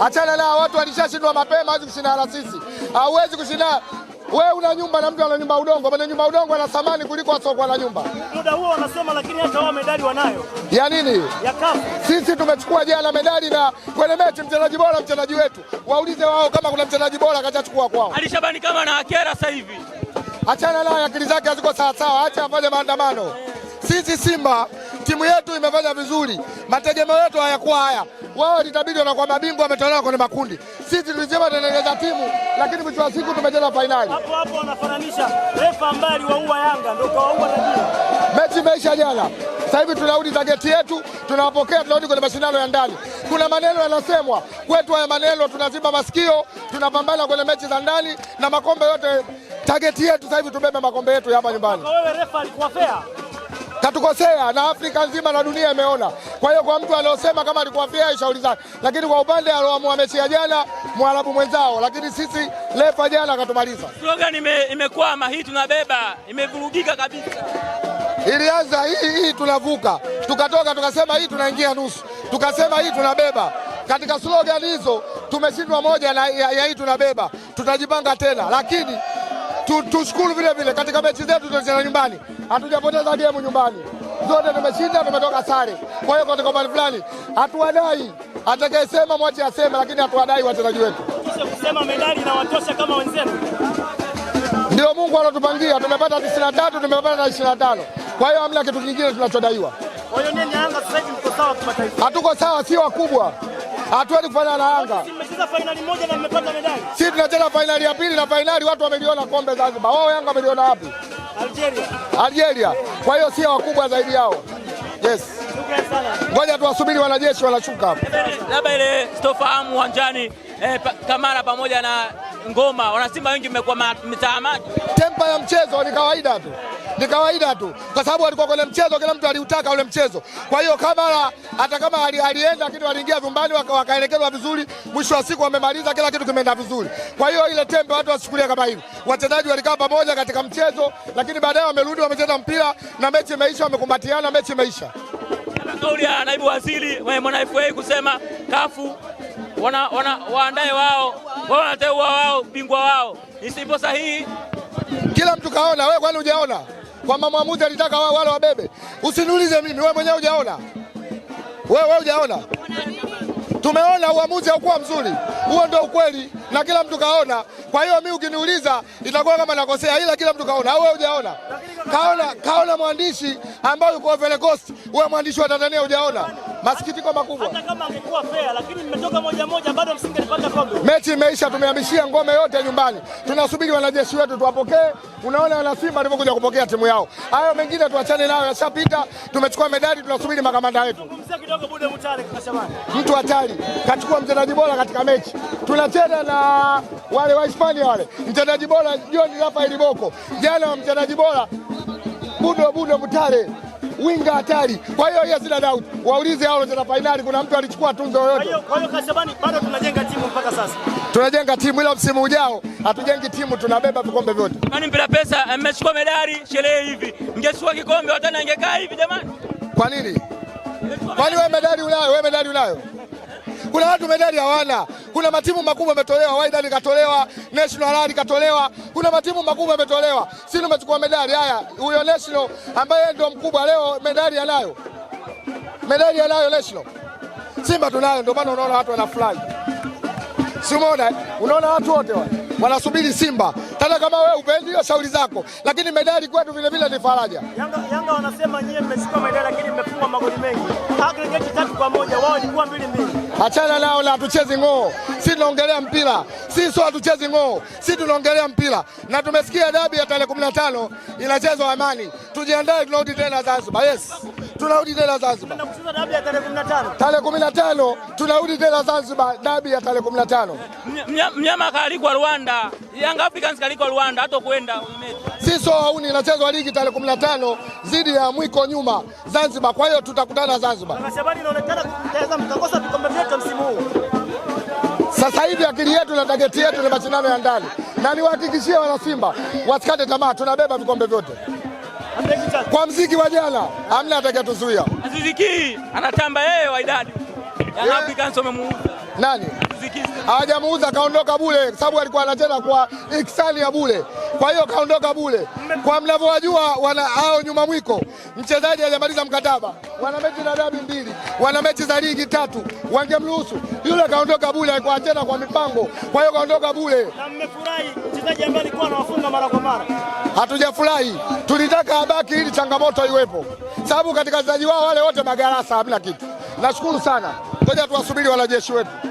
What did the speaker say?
Achana na watu walishashindwa mapema, hawezi kushinda na sisi, hauwezi kushinda wewe una nyumba na mtu ana nyumba udongo. Mwenye nyumba udongo ana thamani kuliko asiokuwa na nyumba. Muda huo wanasema, lakini hata wao medali wanayo ya nini? Ya kafu. Sisi tumechukua jana medali na kwenye mechi mchezaji bora, mchezaji wetu. Waulize wao kama kuna mchezaji bora kachachukua kwao. Alishabani kama na akera sasa hivi, achana naye, akili zake haziko sawasawa, acha afanye maandamano. Sisi Simba timu yetu imefanya vizuri, mategemeo yetu hayakuwa haya. Wao litabidi wanakuwa mabingwa, wametolewa kwenye makundi. Sisi tulisema tunaendeleza timu, lakini mwisho wa siku tumecheza fainali. Hapo hapo wanafananisha refa ambaye aliwaua Yanga ndio kawaua tajiri. Mechi imeisha jana. Sasa hivi tunarudi tageti yetu, tunawapokea, tunarudi kwenye mashindano ya ndani. Kuna maneno yanasemwa kwetu, haya maneno tunaziba masikio, tunapambana kwenye mechi za ndani na makombe yote. Tageti yetu sasa hivi tubebe makombe yetu hapa nyumbani. Wewe refa alikuwa fair katukosea na Afrika nzima na dunia imeona. Kwa hiyo kwa mtu aliosema kama alikuwa fair shauri zake, lakini kwa upande alioamua mechi ya jana mwarabu mwenzao, lakini sisi lefa jana akatumaliza. Slogan imekwama ime hii, tunabeba imevurugika kabisa. Ilianza hii hii, tunavuka tukatoka, tukasema hii tunaingia nusu, tukasema hii tunabeba. Katika slogan hizo tumeshindwa moja na ya, ya hii tunabeba, tutajipanga tena, lakini tushukuru vile vile katika mechi zetu tunacheza nyumbani hatujapoteza gemu nyumbani, zote tumeshinda, tumetoka sare. Kwa hiyo katika mali fulani hatuwadai, atakayesema mwache aseme, lakini hatuwadai wachezaji wetu. Kusema medali inawatosha kama wenzetu, ndio Mungu alotupangia. Tumepata 93 tumepata na 25, kwa hiyo hamna kitu kingine tunachodaiwa. Kwa hiyo nini, Yanga sasa hivi mko sawa kimataifa? Hatuko sawa, si wakubwa, hatuwezi kufanya na Yanga. Fainali moja na mmepata medali, sisi tunacheza fainali ya pili na fainali, watu wameliona kombe Zanzibar, wao Yanga wameliona wapi? Algeria, Algeria. Kwa hiyo sio wakubwa zaidi yao. Yes, ngoja tuwasubiri wanajeshi wanashuka hapo. Labda ile stofahamu uwanjani eh, pa, Kamara pamoja na Ngoma, wanasimba wengi mmekuwa mtaamaji. Tempa ya mchezo ni kawaida tu ni kawaida tu, kwa sababu alikuwa kwenye mchezo, kila mtu aliutaka ule mchezo. Kwa hiyo Kamara hata kama alienda, lakini waliingia vyumbani wakaelekezwa vizuri, mwisho wa siku wamemaliza, kila kitu kimeenda vizuri. Kwa hiyo ile tembe watu wasichukulia kama hivyo. Wachezaji walikaa pamoja katika mchezo, lakini baadaye wamerudi, wamecheza mpira na mechi imeisha, wamekumbatiana, mechi imeisha. Kauli ya naibu waziri mwana FA kusema kafu wana, wana, waandae wao wao, wanateua wao bingwa wao, isipo sahihi. Kila mtu kaona, wewe kwani hujaona? kwamba mwamuzi alitaka wao wale wabebe. Usiniulize mimi, wewe mwenyewe hujaona, wewe wewe hujaona. Tumeona uamuzi haukuwa mzuri, huo ndio ukweli na kila mtu kaona. Kwa hiyo mimi ukiniuliza itakuwa kama nakosea, ila kila mtu kaona. Au wewe hujaona? Kaona, kaona mwandishi ambaye yuko Ivory Coast, wewe mwandishi wa Tanzania hujaona? Masikitiko makubwa. Hata kama angekuwa fair, lakini nimetoka moja moja, bado msingepata kombe. Mechi imeisha, tumehamishia ngome yote nyumbani, tunasubiri wanajeshi wetu tuwapokee. Unaona wana Simba walivyokuja kupokea timu yao. Hayo mengine tuachane nayo, yashapita. Tumechukua medali, tunasubiri makamanda wetu. Mtu hatari kachukua mchezaji bora katika mechi, tunacheza na wale wa Hispania wale, mtendaji bora John Rafael Boko, jana wa mtendaji bora Budo Budo Mutale, winga hatari. Kwa hiyo hiyo sina doubt, waulize hao walocheza fainali, kuna mtu alichukua tunzo yoyote? Kwa hiyo Kasabani, bado tunajenga timu mpaka sasa, tunajenga timu, ila msimu ujao hatujengi timu, tunabeba vikombe vyote. Nani mpira pesa amechukua eh, medali sherehe hivi, mngechukua kikombe watani angekaa hivi jamani? Kwa nini? Kwani wewe medali unayo? Wewe medali unayo? Kuna watu medali hawana. Kuna matimu makubwa yametolewa, Wydad ikatolewa, National Rally ikatolewa. Kuna matimu makubwa yametolewa. Sisi tumechukua medali haya. Huyo National ambaye ndio mkubwa leo medali anayo. Medali anayo National. Simba tunayo, ndio maana unaona watu wanafurahi. Si umeona? Eh? Unaona watu wote wa wanasubiri Simba. Tena kama wewe upendi hiyo shauri zako, lakini medali kwetu vile vile ni faraja. Yanga, Yanga wanasema nyie mmechukua medali lakini mmefungwa magoli mengi. Aggregate tatu kwa moja, wao ilikuwa mbili mbili. Achana nao na hatuchezi ng'oo, si tunaongelea mpira, si sio hatuchezi ng'oo, si tunaongelea mpira. Na tumesikia dabi ya tarehe kumi na tano inachezwa Amani, tujiandae, tunarudi tena Zanzibar. Yes, tunarudi tena Zanzibar tarehe kumi na tano tunarudi tena Zanzibar, dabi ya tarehe kumi na tano Mnyama kaalikwa Rwanda, Young Africans kaalikwa Rwanda, hata kuenda sio hauni, inachezwa ligi tarehe kumi na tano dhidi ya mwiko nyuma Zanzibar. Kwa hiyo tutakutana Zanzibar akili yetu na tageti yetu ni mashindano ya ndani, na niwahakikishie wana Simba wasikate tamaa, tunabeba vikombe vyote. Kwa mziki wa jana hamna atakayetuzuia. Aziziki anatamba yeye wa idadi ya eh? Africans wamemuuza nani? Aziziki hawajamuuza, kaondoka bule, kwa sababu alikuwa anacheza kwa iksani ya bule. Kwa hiyo kaondoka bule. Kwa mnavyowajua wana hao nyuma mwiko, mchezaji hajamaliza mkataba, wana mechi za dabi mbili, wana mechi za ligi tatu, wangemruhusu yule. Kaondoka bule, alikuwa anacheza kwa mipango, kwa hiyo kaondoka bule. Na mmefurahi mchezaji ambaye alikuwa anawafunga mara kwa mara? Hatujafurahi, tulitaka abaki ili changamoto iwepo, sababu katika wachezaji wao wale wote magarasa, hamna kitu. Nashukuru sana, ngoja tuwasubiri wanajeshi wetu.